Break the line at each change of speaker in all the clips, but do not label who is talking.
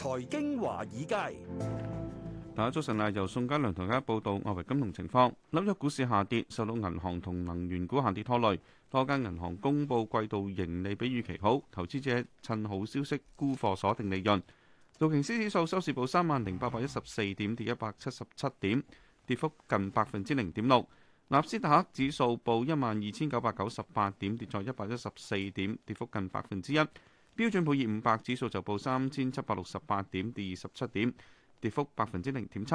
財經華
爾街，大家早晨啊！由宋嘉良同大家報道外圍金融情況。紐約股市下跌，受到銀行同能源股下跌拖累。多間銀行公佈季度盈利比預期好，投資者趁好消息沽貨鎖定利潤。道瓊斯指數收市報三萬零八百一十四點，跌一百七十七點，跌幅近百分之零點六。納斯達克指數報一萬二千九百九十八點，跌咗一百一十四點，跌幅近百分之一。標準普爾五百指數就報三千七百六十八點，跌二十七點，跌幅百分之零點七。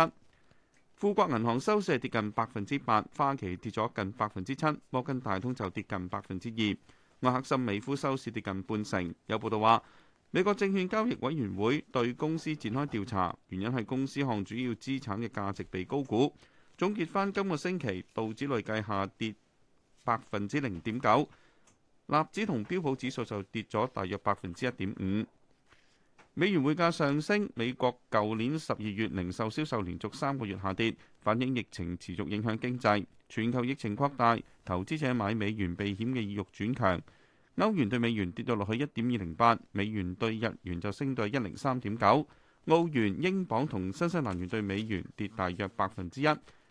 富國銀行收市跌近百分之八，花旗跌咗近百分之七，摩根大通就跌近百分之二，埃克森美孚收市跌近半成。有報道話，美國證券交易委員會對公司展開調查，原因係公司項主要資產嘅價值被高估。總結翻今個星期道指累計下跌百分之零點九。納指同標普指數就跌咗大約百分之一點五。美元匯價上升，美國舊年十二月零售銷售銷售連續三個月下跌，反映疫情持續影響經濟。全球疫情擴大，投資者買美元避險嘅意欲轉強。歐元對美元跌到落去一點二零八，美元對日元就升到一零三點九。澳元、英鎊同新西蘭元對美元跌大約百分之一。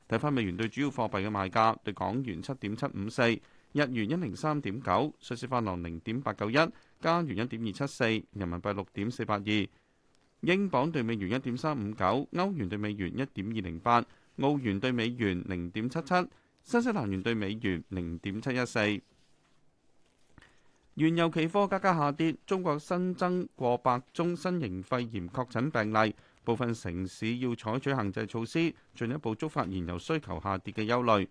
睇返美元對主要貨幣嘅賣價，對港元七點七五四，日元一零三點九，瑞士法郎零點八九一，加元一點二七四，人民幣六點四八二，英鎊對美元一點三五九，歐元對美元一點二零八，澳元對美元零點七七，新西蘭元對美元零點七一四。原油期貨價格下跌，中國新增過百宗新型肺炎確診病例，部分城市要採取限制措施，進一步觸發原油需求下跌嘅憂慮。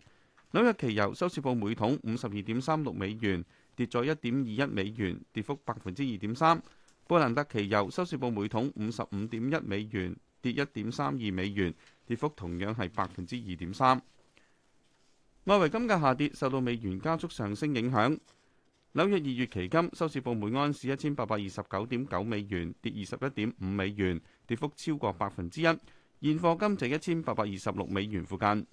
紐約期油收市報每桶五十二點三六美元，跌咗一點二一美元，跌幅百分之二點三。布蘭特期油收市報每桶五十五點一美元，跌一點三二美元，跌幅同樣係百分之二點三。外圍金價下跌，受到美元加速上升影響。紐約二月期金收市報每安士一千八百二十九點九美元，跌二十一點五美元，跌幅超過百分之一。現貨金值一千八百二十六美元附近。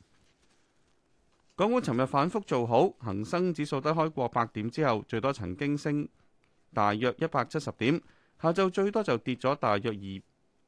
港股尋日反覆做好，恒生指數低開過百點之後，最多曾經升大約一百七十點。下晝最多就跌咗大約二，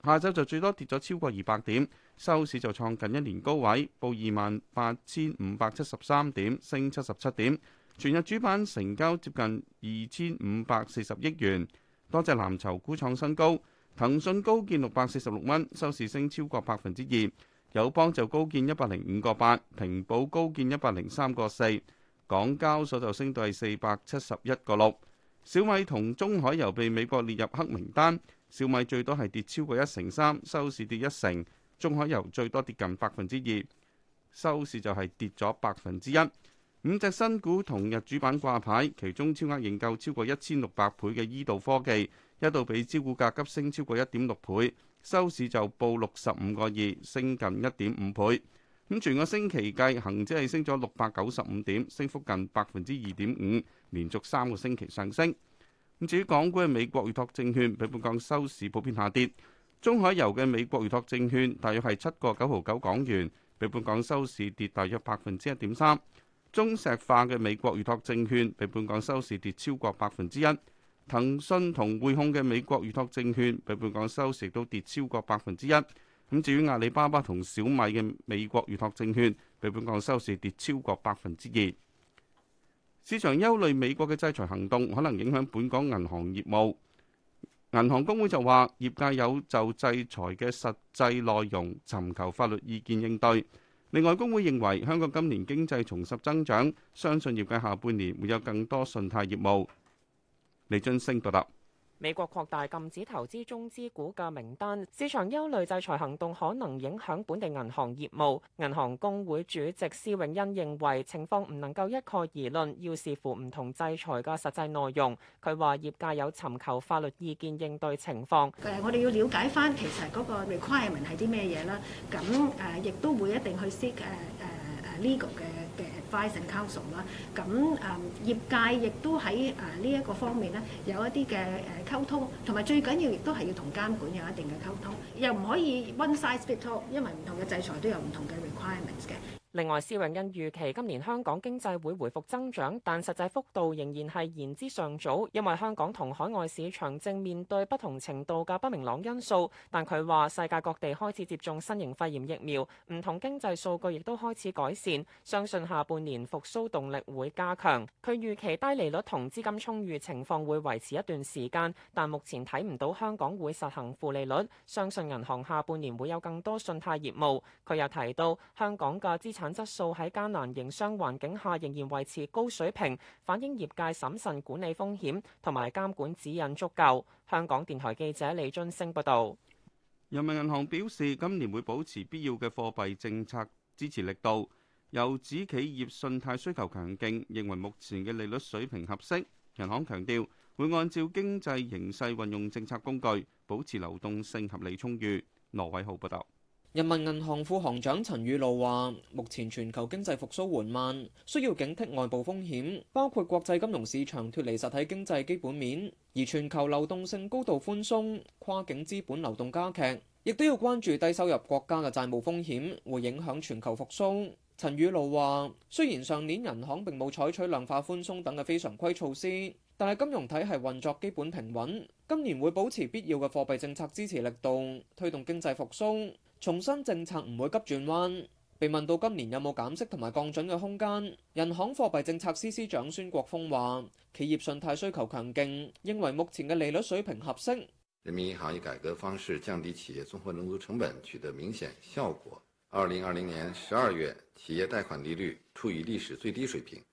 下晝就最多跌咗超過二百點，收市就創近一年高位，報二萬八千五百七十三點，升七十七點。全日主板成交接近二千五百四十億元，多隻藍籌股創新高，騰訊高見六百四十六蚊，收市升超過百分之二。友邦就高見一百零五個八，平保高見一百零三個四，港交所就升到係四百七十一個六。小米同中海油被美國列入黑名單，小米最多係跌超過一成三，收市跌一成；中海油最多跌近百分之二，收市就係跌咗百分之一。五隻新股同日主板掛牌，其中超額認購超過一千六百倍嘅醫渡科技，一度比招股價急升超過一點六倍。收市就報六十五個二，升近一點五倍。咁全個星期計，恒指係升咗六百九十五點，升幅近百分之二點五，連續三個星期上升。咁至於港股嘅美國預託證券，比本港收市普遍下跌。中海油嘅美國預託證券大約係七個九毫九港元，比本港收市跌大約百分之一點三。中石化嘅美國預託證券比本港收市跌超過百分之一。騰訊同匯控嘅美國預託證券，比本港收市都跌超過百分之一。咁至於阿里巴巴同小米嘅美國預託證券，比本港收市跌超過百分之二。市場憂慮美國嘅制裁行動可能影響本港銀行業務。銀行公會就話，業界有就制裁嘅實際內容尋求法律意見應對。另外，公會認為香港今年經濟重拾增長，相信業界下半年會有更多信貸業務。李津升報道：
美國擴大禁止投資中資股嘅名單，市場憂慮制裁行動可能影響本地銀行業務。銀行公會主席施永恩認為情況唔能夠一概而論，要視乎唔同制裁嘅實際內容。佢話業界有尋求法律意見應對情況。誒，我哋要了解翻其實嗰個 requirement 係啲咩嘢啦。咁誒，亦都會一定去 seek、uh, uh, legal 嘅。and counsel 啦，咁、嗯、誒業界亦都喺誒呢一個方面咧，有一啲嘅誒溝通，同埋最緊要亦都係要同監管有一定嘅溝通，又唔可以 one size fits all，因為唔同嘅制裁都有唔同嘅 requirements 嘅。另外，肖榮欣預期今年香港經濟會回復增長，但實際幅度仍然係言之尚早，因為香港同海外市場正面對不同程度嘅不明朗因素。但佢話，世界各地開始接種新型肺炎疫苗，唔同經濟數據亦都開始改善，相信下半年復甦動力會加強。佢預期低利率同資金充裕情況會維持一段時間，但目前睇唔到香港會實行負利率。相信銀行下半年會有更多信貸業務。佢又提到，香港嘅資品質素喺艱難營商環境下仍然維持高水平，反映業界審慎管理風險同埋
監管指引足夠。香港電台記者李津升報道。人民銀行表示，今年會保持必要嘅貨幣政策支持力度。又指企業信貸需求強勁，認為目前嘅利率水平合適。銀行強調會按照經濟形勢運用政策工具，保持流動性合理充裕。羅偉浩報道。人民銀行副行長陳雨露話，目前全球經濟復甦
緩慢，需要警惕外部風險，包括國際金融市場脫離實體經濟基本面，而全球流動性高度寬鬆，跨境資本流動加劇，亦都要關注低收入國家嘅債務風險會影響全球復甦。陳雨露話，雖然上年銀行並冇採取量化寬鬆等嘅非常規措施，但係金融體系運作基本平穩，今年會保持必要嘅貨幣政策支持力度，推動經濟復甦。重新政策唔會急轉彎，被問到今年有冇減息同埋降準嘅空間，人行貨幣政策司司長孫國峰話：企業信貸需求強勁，認為目前嘅利率水平合適。
人民銀行以改革方式降低企業綜合融資成本，取得明顯效果。二零二零年十二月，企業貸款利率處於歷史最低水平。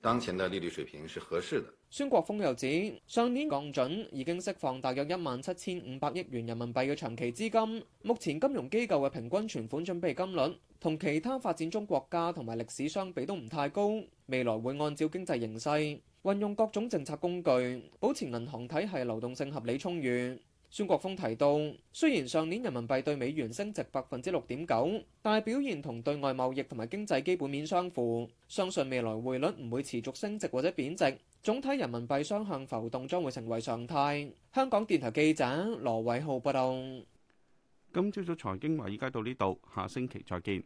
當前嘅利率水平是合適的。孫國峰又指，上年降準已經釋放大約一萬七千五百億元人民幣嘅長期資金。目前金融機構嘅平均存款準備金率同其他發展中國家同埋歷史相比都唔太高，未來會按照經濟形勢運用各種政策工具，保持銀行體系流動性合理充裕。孫國峰提到，雖然上年人民幣對美元升值百分之六點九，但係表現同對外貿易同埋經濟基本面相符，相信未來匯率唔會持續升值或者貶值，總體人民幣雙向浮動將會成為常態。香港電台記者羅偉浩報道。
今朝早財經華爾街到呢度，下星期再見。